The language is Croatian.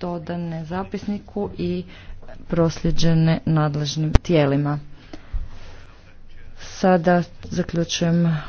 dodane zapisniku i prosljeđene nadležnim tijelima. Sada zaključujem